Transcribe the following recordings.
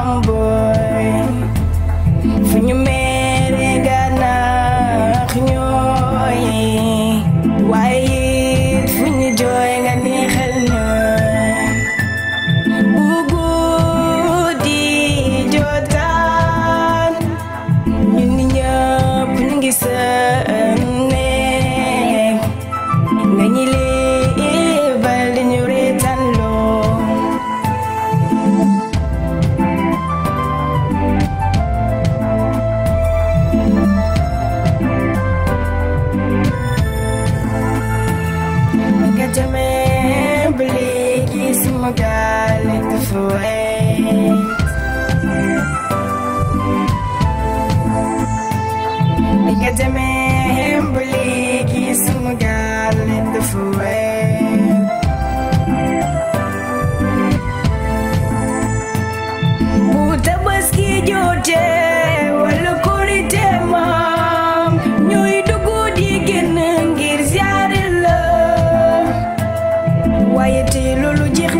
humble nga demee ba léegi sama gaal te loolu jeex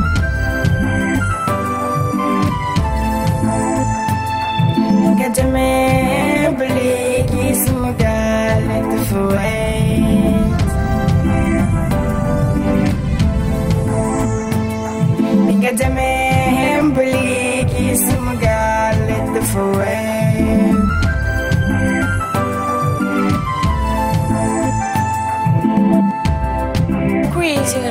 freezing